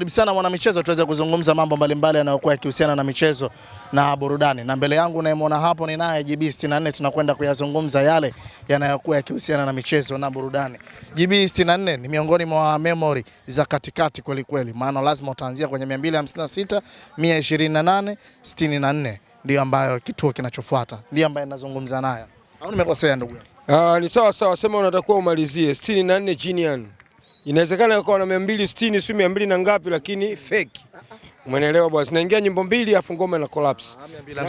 Karibu sana michezo, tuweze kuzungumza mambo mbalimbali yanayokuwa yakihusiana na michezo na burudani, na mbele yangu unayemwona hapo ni naye JB 64. Tunakwenda kuyazungumza yale yanayokuwa yakihusiana na michezo na burudani. JB 64 ni miongoni mwa memory za katikati kweli kweli, maana lazima utaanzia kwenye 256, 128, 64 ndio ambayo kituo kinachofuata, ndio ambaye ninazungumza naye. Au nimekosea ndugu? Ah, ni sawa sawa, sema unatakuwa umalizie 64 Genian inawezekana akawa na mia mbili sitini si mia mbili na ngapi, lakini fake. Umeelewa bwana? Zinaingia nyimbo mbili afu ngoma ah, na collapse.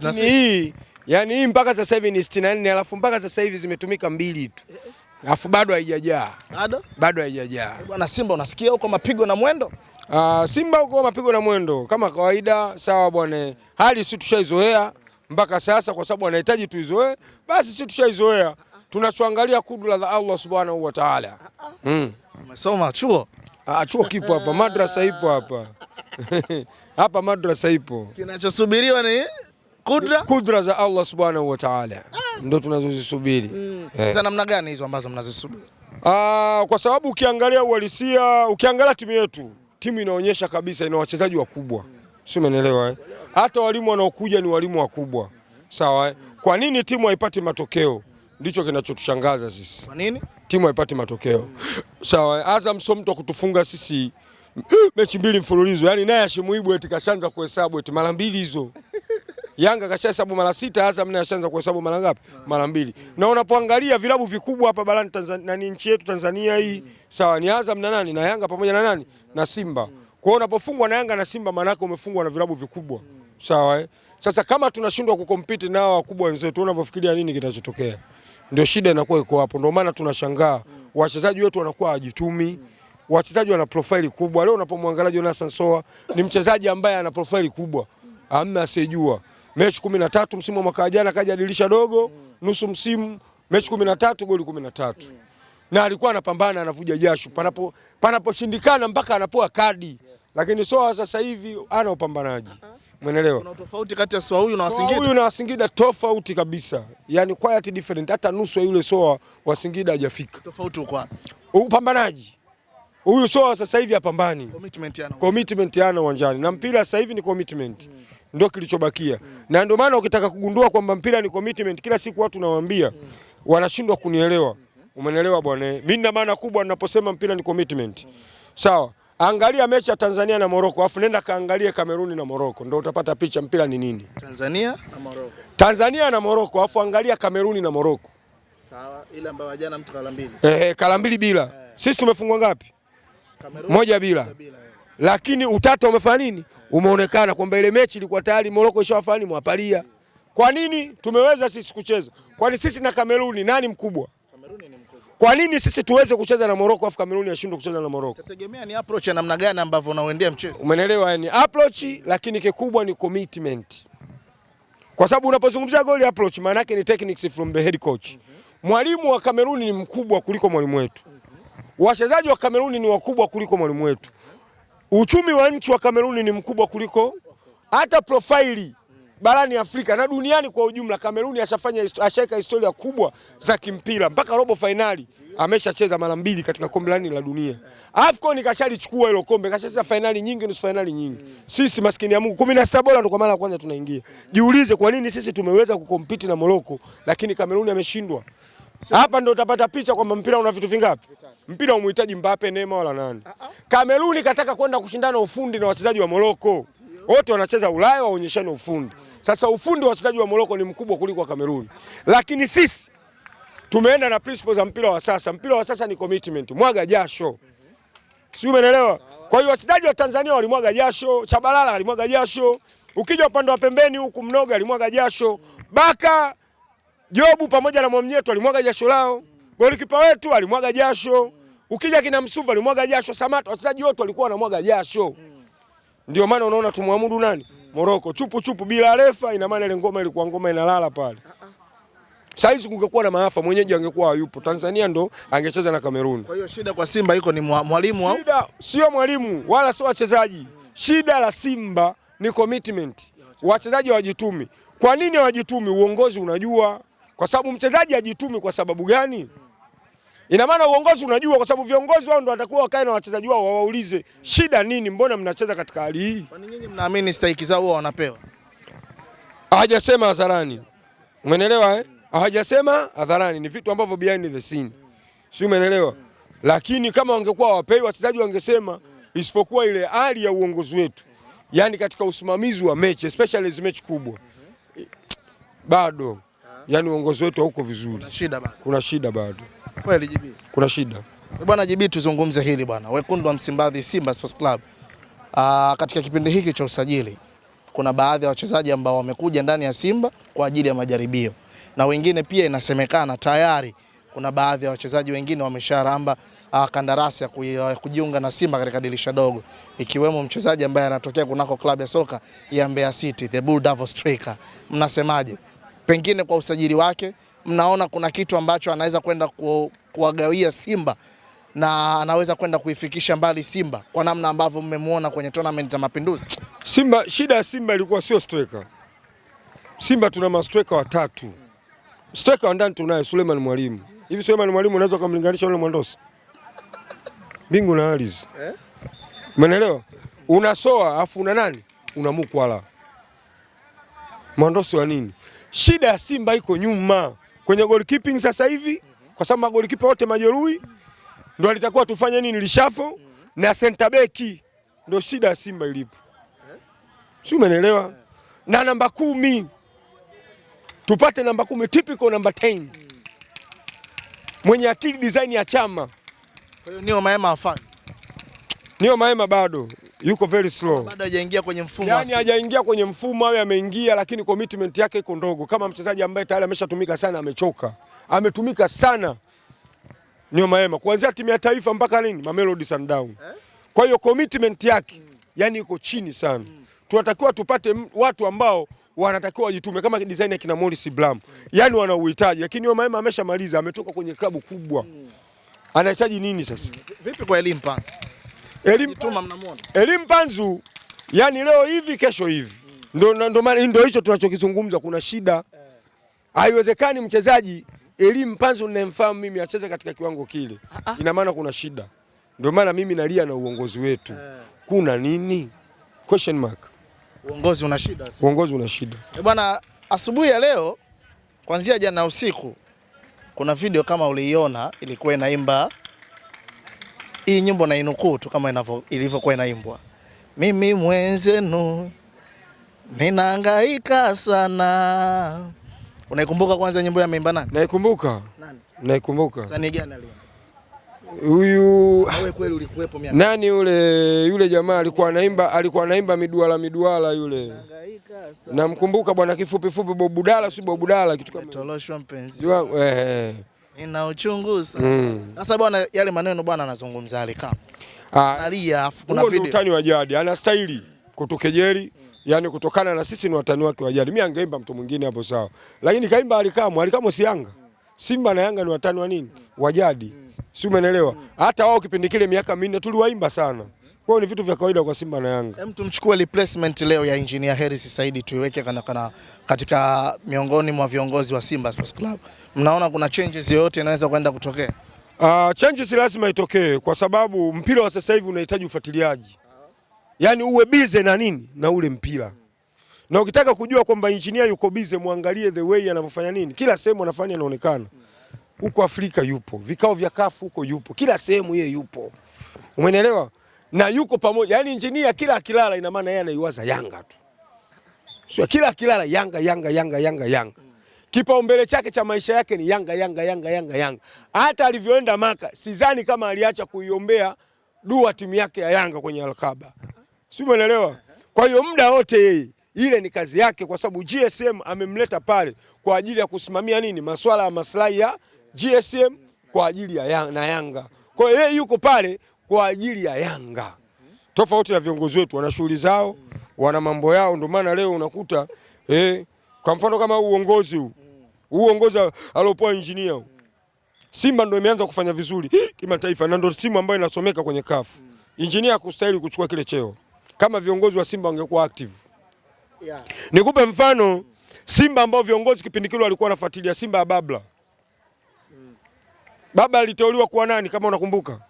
Lakini hii yani hii mpaka sasa hivi ni 64 alafu mpaka sasa hivi zimetumika mbili tu alafu bado haijajaa, bado bado haijajaa eh, bwana. Simba unasikia huko mapigo na mwendo uh, Simba huko mapigo na mwendo kama kawaida. Sawa bwana, hali si tushaizoea mpaka sasa, kwa sababu anahitaji tuizoee, basi si tushaizoea, tunachoangalia kudra la Allah subhanahu wa ta'ala mm. Umesoma chuo? Ah, chuo kipo hapa, madrasa ipo hapa hapa madrasa ipo. Kinachosubiriwa ni kudra, kudra za Allah subhanahu wa ta'ala ah. ndo tunazozisubiri. Mm. Eh. Namna gani hizo ambazo mnazisubiri? Ah, kwa sababu ukiangalia uhalisia, ukiangalia timu yetu, timu inaonyesha kabisa ina wachezaji wakubwa, sio? Umeelewa eh? Hata walimu wanaokuja ni walimu wakubwa, sawa eh? Kwa nini timu haipati matokeo? ndicho kinachotushangaza sisi. Kwa nini? Timu haipati matokeo mm. Sawa, Azam sio mtu kutufunga sisi eh, mechi mbili mfululizo, yaani naye ashimuibu eti kashaanza kuhesabu eti mara mbili hizo Yanga kasha hesabu mara sita, Azam naye ashaanza kuhesabu mara ngapi? Hmm. Mara mbili. mm. Na unapoangalia vilabu vikubwa hapa barani Tanzania, ni nchi yetu Tanzania hii mm. Sawa, ni Azam na nani na Yanga pamoja na nani mm. na Simba mm. Kwa hiyo unapofungwa na Yanga na Simba, maana yake umefungwa na vilabu vikubwa mm. Sawa eh? Sasa kama tunashindwa kukompete nao wakubwa wenzetu, unavyofikiria nini kitachotokea? Ndio shida inakuwa iko hapo, ndio maana tunashangaa wachezaji wetu wanakuwa hawajitumi wachezaji wana profile kubwa. Leo unapomwangalia Jonathan Soa ni mchezaji ambaye ana profile kubwa, amna asijua Mechi kumi na tatu msimu wa mwaka jana kaja dirisha dogo nusu msimu mechi kumi na tatu goli kumi na tatu na alikuwa anapambana anavuja jasho panapo panaposhindikana mpaka anapoa kadi Lakini Soa sasa hivi ana upambanaji uh -huh. Umeelewa? Kuna tofauti kati ya soa huyu na Wasingida. Huyu na Wasingida tofauti kabisa. Yaani quite different. Hata nusu ya yule soa wa Singida hajafika. Tofauti uko wapi? Upambanaji. Huyu soa sasa hivi hapambani. Commitment yana. Commitment yana uwanjani. Na mpira sasa hivi ni commitment. Mm. Ndio kilichobakia. Mm. Na ndio maana ukitaka kugundua kwamba mpira ni commitment, kila siku watu nawaambia mm. wanashindwa kunielewa. Mm. Umenelewa bwana? Mimi nina maana kubwa ninaposema mpira ni commitment. Mm. Sawa. Angalia mechi ya Tanzania na Morocco, afu nenda kaangalie Kameruni na Morocco, ndio utapata picha mpira ni nini. Tanzania na Morocco. Tanzania na Morocco, afu angalia Kameruni na Morocco. Sawa, ile ambayo jana mtu kala mbili. Eh, eh kala mbili bila. Eh. Sisi tumefungwa ngapi? Kameruni. Moja bila. bila eh. Lakini utata umefanya nini? Umeonekana kwamba ile mechi ilikuwa tayari Morocco ishawafanya mwapalia. Kwa nini tumeweza sisi kucheza? Kwani sisi na Kameruni nani mkubwa? Kwa nini sisi tuweze kucheza na Morocco afu Kameruni yashindwe kucheza na Morocco? Tategemea ni approach ya namna gani ambavyo unaoendea mchezo. Umeelewa yani? Approach lakini kikubwa ni commitment. Kwa sababu unapozungumzia goal approach maana yake ni techniques from the head coach. Mm -hmm. Mwalimu wa Kameruni ni mkubwa kuliko mwalimu wetu. Mm -hmm. Wachezaji wa Kameruni ni wakubwa kuliko mwalimu wetu. Mm -hmm. Uchumi wa nchi wa Kameruni ni mkubwa kuliko hata profile barani Afrika na duniani kwa ujumla. Kameruni ashafanya ashaika historia kubwa za kimpira, mpaka robo fainali ameshacheza mara mbili katika kombe la la dunia. AFCON kashalichukua hilo kombe, kashacheza fainali nyingi, nusu fainali nyingi. Sisi maskini ya Mungu 16 bora ndo kwa mara ya kwanza tunaingia. Jiulize kwa nini sisi tumeweza kukompiti na Moroko lakini Kameruni ameshindwa. Hapa ndo utapata picha kwamba mpira una vitu vingapi. Mpira umhitaji Mbappe, Neymar wala nani. Kameruni ah, ah. kataka kwenda kushindana ufundi na wachezaji wa Morocco wote wanacheza Ulaya, waonyeshane ufundi. Sasa ufundi wa wachezaji wa Moroko ni mkubwa kuliko wa Kameruni, lakini sisi tumeenda na principles za mpira wa sasa. Mpira wa sasa ni commitment, mwaga jasho, sio? umeelewa? Kwa hiyo wachezaji wa Tanzania walimwaga jasho, Chabalala alimwaga jasho, ukija upande wa pembeni huku Mnoga alimwaga jasho, Baka Jobu pamoja na Mwamnyeto alimwaga jasho lao, golikipa wetu alimwaga jasho, ukija kina Msuva alimwaga jasho, Samata, wachezaji wote walikuwa wanamwaga jasho. Ndio maana unaona tumwamudu nani Moroko chupu chupu bila refa, ina maana ile ngoma ilikuwa ngoma inalala pale. Saizi kungekuwa na maafa, mwenyeji angekuwa hayupo. Tanzania ndo angecheza na Kamerun. Kwa hiyo shida kwa Simba iko ni mwalimu au? Shida sio mwalimu wala sio wachezaji. Shida la Simba ni commitment. Wachezaji hawajitumi. Kwa nini hawajitumi? Uongozi unajua. Kwa sababu mchezaji hajitumi kwa sababu gani? Ina maana uongozi unajua, kwa sababu viongozi wao ndio watakuwa wakae na wachezaji wao wawaulize shida nini, mbona mnacheza katika hali hii? Kwa nini nyinyi mnaamini stahiki zao wanapewa? Hajasema hadharani, umeelewa eh? Hajasema hadharani, ni vitu ambavyo behind the scene, si umeelewa? Lakini kama wangekuwa wapewi wachezaji wangesema, isipokuwa ile hali ya uongozi wetu, yaani katika usimamizi wa mechi especially hizo mechi kubwa, bado yaani uongozi wetu hauko vizuri, kuna shida bado, kuna shida bado. Kweli JB. Kuna shida. Eh, bwana JB, tuzungumze hili bwana. Wekundu wa Msimbazi Simba Sports Club. Ah, katika kipindi hiki cha usajili kuna baadhi ya wachezaji ambao wamekuja ndani ya Simba kwa ajili ya majaribio na wengine pia inasemekana tayari kuna baadhi ya wachezaji wengine wamesharamba uh, kandarasi ya, ya kujiunga na Simba katika dirisha dogo ikiwemo mchezaji ambaye anatokea kunako klabu ya soka ya Mbeya City, the Bull Devil Striker. Mnasemaje pengine kwa usajili wake mnaona kuna kitu ambacho anaweza kwenda ku, kuwagawia Simba na anaweza kwenda kuifikisha mbali Simba kwa namna ambavyo mmemwona kwenye tournament za Mapinduzi. Simba, shida ya Simba ilikuwa sio striker. Simba tuna mastreka watatu. Striker wa ndani tunaye Suleiman Mwalimu. Hivi Suleiman Mwalimu unaweza kumlinganisha yule Mwandosi? Mbingu na Alizi. Eh? Umeelewa? Unasoa afu una nani? Una Mkwala. Mwandosi wa nini? Shida ya Simba iko nyuma kwenye goalkeeping sasa hivi kwa sababu magolikipa wote majeruhi ndo alitakuwa tufanye nini lishafo na center back ndo shida ya Simba ilipo, si umeelewa? Na namba kumi tupate namba kumi typical namba 10 mwenye akili design ya chama. Kwa hiyo nio maema afanye nio maema bado yuko very slow. Bado hajaingia kwenye mfumo. Yaani hajaingia kwenye mfumo au ameingia lakini commitment yake iko ndogo kama mchezaji ambaye tayari ameshatumika sana amechoka. Ametumika sana. Nio Maema kuanzia timu ya taifa mpaka nini? Mamelodi Sundowns. Eh? Kwa hiyo commitment yake mm. yani iko chini sana. Mm. Tunatakiwa tupate watu ambao wanatakiwa wajitume kama design ya kina Morris Blam. Mm. Yaani wana uhitaji lakini Nio Maema ameshamaliza ametoka kwenye klabu kubwa. Mm. Anahitaji nini sasa? Mm. Vipi kwa Elimpa? elimu panzu, yani leo hivi kesho hivi mm. hicho tunachokizungumza, kuna shida. Haiwezekani mchezaji elimu panzu ninayemfahamu mimi acheze katika kiwango kile, ah, ah. ina maana kuna shida. Ndio maana mimi nalia na uongozi wetu eh. Kuna nini? Question mark. Uongozi una shida. Uongozi una shida. Eh, bwana, asubuhi ya leo kuanzia jana usiku kuna video kama uliiona ilikuwa inaimba hii nyimbo na inukuu tu kama ilivyokuwa inaimbwa. Mimi mwenzenu ninahangaika sana. Unaikumbuka kwanza nyimbo ya ameimba nani? Naikumbuka. Nani? Naikumbuka. sani gani aliimba? Huyu kweli ulikuwepo mimi. Nani yule yule jamaa alikuwa anaimba alikuwa anaimba miduala miduala yule. Namkumbuka bwana kifupi fupi Bobudala si Bobudala kitu kama. toloshwa mpenzi. Eh, eh, eh. Ninauchunguza. Mm. Sasa mm. Bwana yale maneno bwana anazungumza alikama. Ah, Analia afu kuna video. Utani wa jadi, anastahili kutukejeli. Mm. yani kutokana na sisi ni watani wake wa jadi. Mimi angeimba mtu mwingine hapo sawa. Lakini kaimba alikama, alikama si Yanga. Simba na Yanga ni watani wa nini? Mm. Wa jadi. Mm. Si umeelewa? Mm. Hata wao kipindi kile miaka minne tuliwaimba sana. Kwa ni vitu vya kawaida kwa Simba na Yanga. Hem, tumchukue replacement leo ya Engineer Hersi Saidi tuiweke kana kana katika miongoni mwa viongozi wa Simba Sports Club. Mnaona kuna changes yoyote inaweza kwenda kutokea? Uh, changes lazima itokee kwa sababu mpira wa sasa hivi unahitaji ufuatiliaji. Yaani uwe bize na nini na ule mpira. Na ukitaka kujua kwamba Engineer yuko bize, muangalie the way anavyofanya nini. Kila sehemu anafanya inaonekana. Huko Afrika yupo, vikao vya kafu huko yupo, kila sehemu yeye yupo. Umeelewa? na yuko pamoja. Yani injinia kila akilala, ina maana yeye anaiwaza Yanga tu, sio kila akilala Yanga Yanga Yanga Yanga Yanga kipaumbele chake cha maisha yake ni Yanga Yanga Yanga Yanga Yanga. Hata alivyoenda Maka, sidhani kama aliacha kuiombea dua timu yake ya Yanga kwenye Alkaba, sio? umeelewa? Kwa hiyo muda wote yeye ile ni kazi yake, kwa sababu GSM amemleta pale kwa ajili ya kusimamia nini, masuala ya maslahi ya GSM kwa ajili ya Yanga na Yanga. Kwa hiyo yeye yuko pale kwa ajili ya Yanga, tofauti na viongozi wetu, wana shughuli zao, wana mambo yao. Ndio maana leo unakuta eh, kwa mfano kama uongozi huu uongozi aliopoa injinia Simba ndio imeanza kufanya vizuri kimataifa na ndio timu ambayo inasomeka kwenye kafu. Engineer kustahili kuchukua kile cheo kama viongozi wa Simba wangekuwa active. Yeah. Nikupe mfano Simba ambao viongozi kipindi kile walikuwa wanafuatilia Simba ya Babla. Mm. Baba aliteuliwa kuwa nani kama unakumbuka?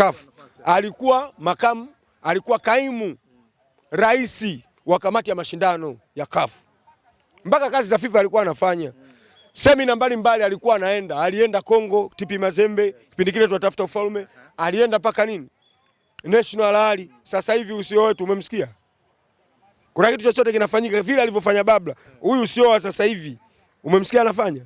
CAF, alikuwa makamu, alikuwa kaimu rais wa kamati ya mashindano ya CAF, mpaka kazi za FIFA alikuwa anafanya semina mbalimbali alikuwa anaenda, alienda Kongo TP Mazembe kipindi kile tunatafuta ufalme, alienda mpaka nini National Rally. Sasa hivi usio wetu umemsikia, kuna kitu chochote kinafanyika vile alivyofanya Babla huyu usio wa sasa hivi umemsikia anafanya?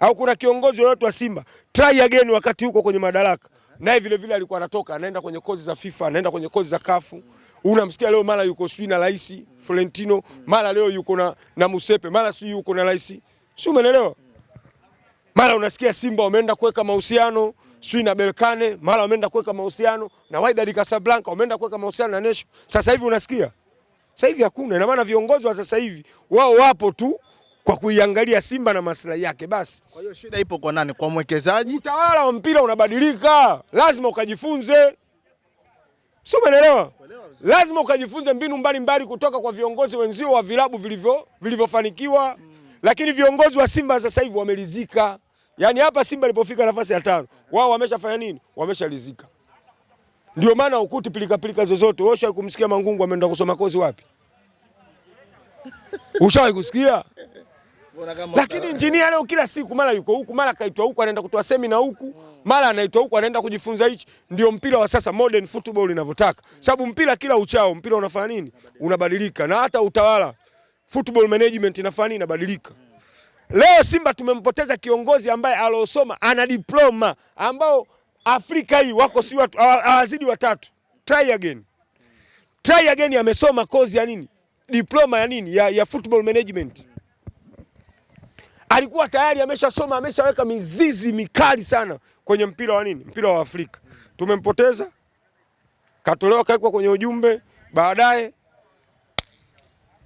Au kuna kiongozi yoyote wa Simba try again wakati huko kwenye madaraka naye vile vile alikuwa anatoka anaenda kwenye kozi za FIFA, anaenda kwenye kozi za kafu. Unamsikia leo mara yuko swi na rais Florentino, mara leo yuko na, na Musepe, mara sijui yuko na rais, si umeelewa? Mara unasikia Simba wameenda kuweka mahusiano sijui na belkane mara wameenda kuweka mahusiano na Wydad Casablanca, wameenda kuweka mahusiano na Nesho. Sasa hivi unasikia, sasa hivi hakuna. Ina maana viongozi wa sasa hivi wao wapo tu kwa kuiangalia Simba na maslahi yake basi. Kwa hiyo shida ipo kwa nani? Kwa mwekezaji? Utawala wa mpira unabadilika, lazima ukajifunze, sio? Umeelewa? Lazima ukajifunze mbinu mbalimbali kutoka kwa viongozi wenzio wa vilabu vilivyo vilivyofanikiwa hmm. Lakini viongozi wa Simba sasa hivi wamelizika, yaani hapa Simba ilipofika nafasi ya tano wao wameshafanya nini? Wameshalizika. Ndio maana ukuti pilika pilika zozote. Wewe ushawahi kumsikia Mangungu ameenda kusoma kozi wapi? Ushawahi kusikia? Lakini injinia leo kila siku mara yuko huku, mara kaitwa huku, anaenda kutoa semina huku, mara anaitwa huku, anaenda kujifunza hichi. Ndio mpira wa sasa, modern football inavyotaka, sababu mpira kila uchao mpira unafanya nini? Unabadilika, na hata utawala football management inafanya nini? Inabadilika. Leo Simba tumempoteza kiongozi ambaye alosoma, ana diploma, ambao Afrika hii wako si watu hawazidi watatu. Try again, try again, amesoma kozi ya nini? Diploma ya nini? Ya, ya football management alikuwa tayari ameshasoma ameshaweka mizizi mikali sana kwenye mpira wa nini, mpira wa Afrika. Tumempoteza, katolewa kawekwa kwenye ujumbe, baadaye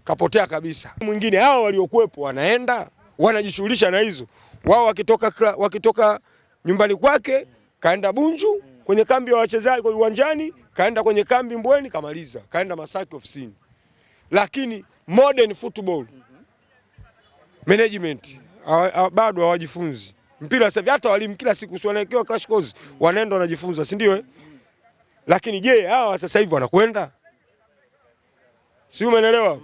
kapotea kabisa. Mwingine hao waliokuwepo wanaenda wanajishughulisha na hizo wao, wakitoka wakitoka nyumbani kwake kaenda Bunju kwenye kambi ya wa wachezaji kwa uwanjani, kaenda kwenye kambi Mbweni, kamaliza, kaenda Masaki ofisini. Lakini modern football mhm. management bado hawajifunzi mpira sasa Hata walimu kila siku wanawekewa crash course, wanaenda wanajifunza, si ndio? Eh? Lakini je, hawa sasa hivi wanakwenda? Si umeelewa?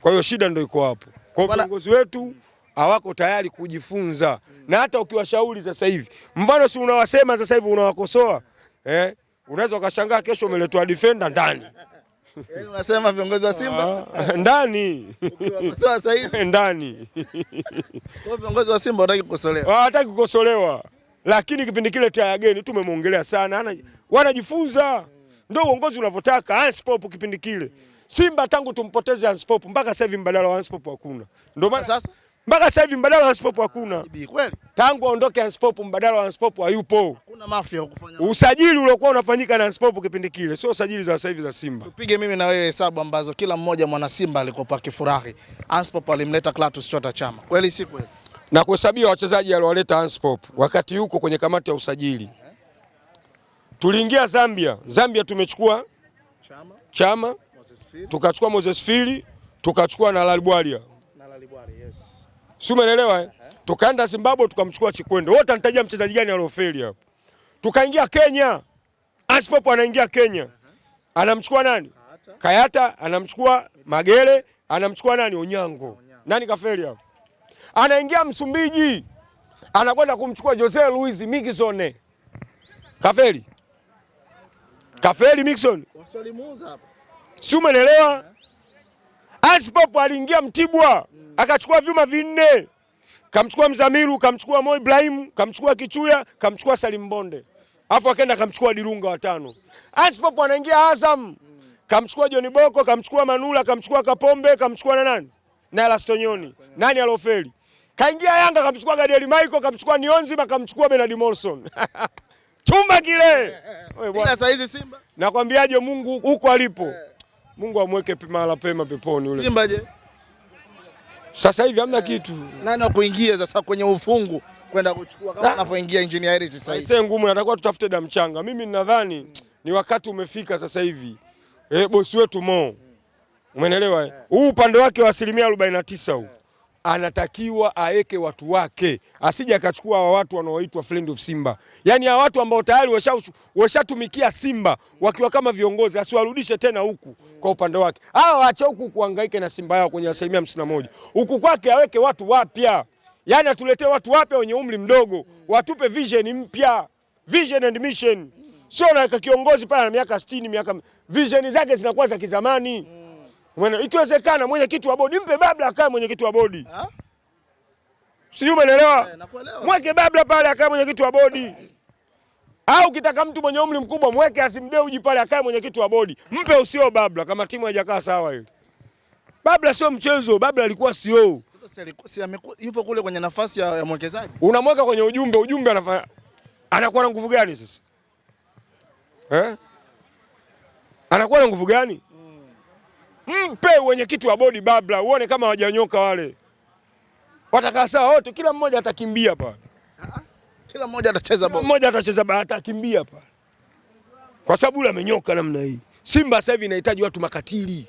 Kwa hiyo shida ndio iko hapo, kwa viongozi wetu hawako tayari kujifunza, na hata ukiwashauri sasa hivi, mfano si unawasema sasa hivi unawakosoa eh? Unaweza ukashangaa kesho umeletwa defender ndani Yaani unasema viongozi wa Simba ah, ndani. Ukiwakosoa sasa hivi ndani. Kwa viongozi wa Simba hataki kukosolewa. Hataki ah, kukosolewa. Lakini kipindi kile cha ageni tumemwongelea sana. ana, Wanajifunza. Ndio uongozi unavyotaka Pop kipindi kile. Simba tangu tumpoteze Hans Pop mpaka sasa hivi mbadala wa Hans Pop hakuna. Ndio maana sasa mpaka sasa hivi mbadala wa Anspop hakuna. Tangu aondoke Anspop mbadala wa Anspop hayupo. Hakuna mafia kufanya. Usajili uliokuwa unafanyika na Anspop kipindi kile sio usajili za sasa hivi za Simba. Tupige mimi na wewe hesabu ambazo kila mmoja mwana Simba alikopa akifurahi. Anspop alimleta Clatous Chota Chama. Kweli si kweli? Na kuhesabia wachezaji aliowaleta Anspop wakati yuko kwenye kamati ya usajili. Tuliingia Zambia. Zambia tumechukua Chama, Chama, Moses Fili, tukachukua Moses Fili, tukachukua na Lalibwalia si umeelewa eh? Tukaenda Zimbabwe tukamchukua Chikwende, wote anitajia mchezaji gani aliofeli hapo. Tukaingia Kenya, Aspop anaingia Kenya, anamchukua nani? Kayata, anamchukua Magere, anamchukua nani? Onyango. Nani kafeli hapo? Anaingia Msumbiji, anakwenda kumchukua Jose Luis Mixon. kafeli kafeli Miquissone, si umeelewa? Asbop aliingia Mtibwa akachukua vyuma vinne, kamchukua Mzamiru, kamchukua Mo Ibrahim, kamchukua Kichuya, kamchukua Salim Bonde, afu akaenda kamchukua Dirunga watano. Asbop anaingia Azam kamchukua John Boko, kamchukua Manula, kamchukua Kapombe, kamchukua na nani na Elastonyoni, nani alofeli? Kaingia Yanga kamchukua Gadiel Michael, kamchukua Nionzi, kamchukua Bernard Morrison chumba kile. Sasa hizi Simba nakwambiaje, Mungu huko alipo eh. Mungu amweke mahala pema peponi yule. Simba je? Sasa hivi hamna eh, kitu. Nani akuingia sasa kwenye ufungu kwenda kuchukua kama anavyoingia engineer Harris sasa hivi. Sasa ngumu natakuwa tutafute damu changa. Mimi ninadhani ni wakati umefika sasa hivi. Eh, bosi wetu Mo. Umeelewa? Eh? Eh. Huu upande wake wa asilimia 49 huu anatakiwa aeke watu wake, asije akachukua hawa watu wanaoitwa friend of Simba, yaani hawa watu ambao tayari washatumikia Simba wakiwa kama viongozi, asiwarudishe tena huku kwa upande wake. Hawa waache huku kuhangaika na Simba yao kwenye asilimia hamsini na moja, huku kwake aweke watu wapya, yaani atuletee watu wapya wenye umri mdogo, watupe vision mpya, vision and mission. Sio na kiongozi pale na miaka 60 miaka, vision zake zinakuwa za kizamani. Ikiwezekana mwenyekiti wa bodi mpe Babla akae mwenyekiti wa bodi, sijui umeelewa? Eh, mweke Babla pale akae mwenyekiti wa bodi, au ukitaka mtu mwenye umri mkubwa mweke asimdeuji pale akae mwenyekiti wa bodi, mpe usio Babla kama timu haijakaa sawa. hiyo. Babla sio mchezo. Babla alikuwa sio yupo kule kwenye nafasi ya mwekezaji, unamweka kwenye ujumbe. Ujumbe anafanya anakuwa na nguvu gani sasa eh? anakuwa na nguvu gani? Mm, mpe wenyekiti wa bodi babla, uone kama wajanyoka wale. Watakaa sawa wote, kila mmoja atakimbia pa. kila mmoja atacheza bodi, mmoja atacheza ba, atakimbia pa, kwa sababu yule amenyoka namna hii. Simba sasa hivi inahitaji watu makatili,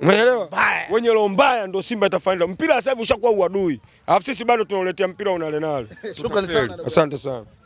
umeelewa? Wenye roho mbaya ndio Simba itafaida. Mpira sasa hivi ushakuwa uadui, alafu sisi bado tunauletea mpira unalenale. Shukrani sana, asante sana.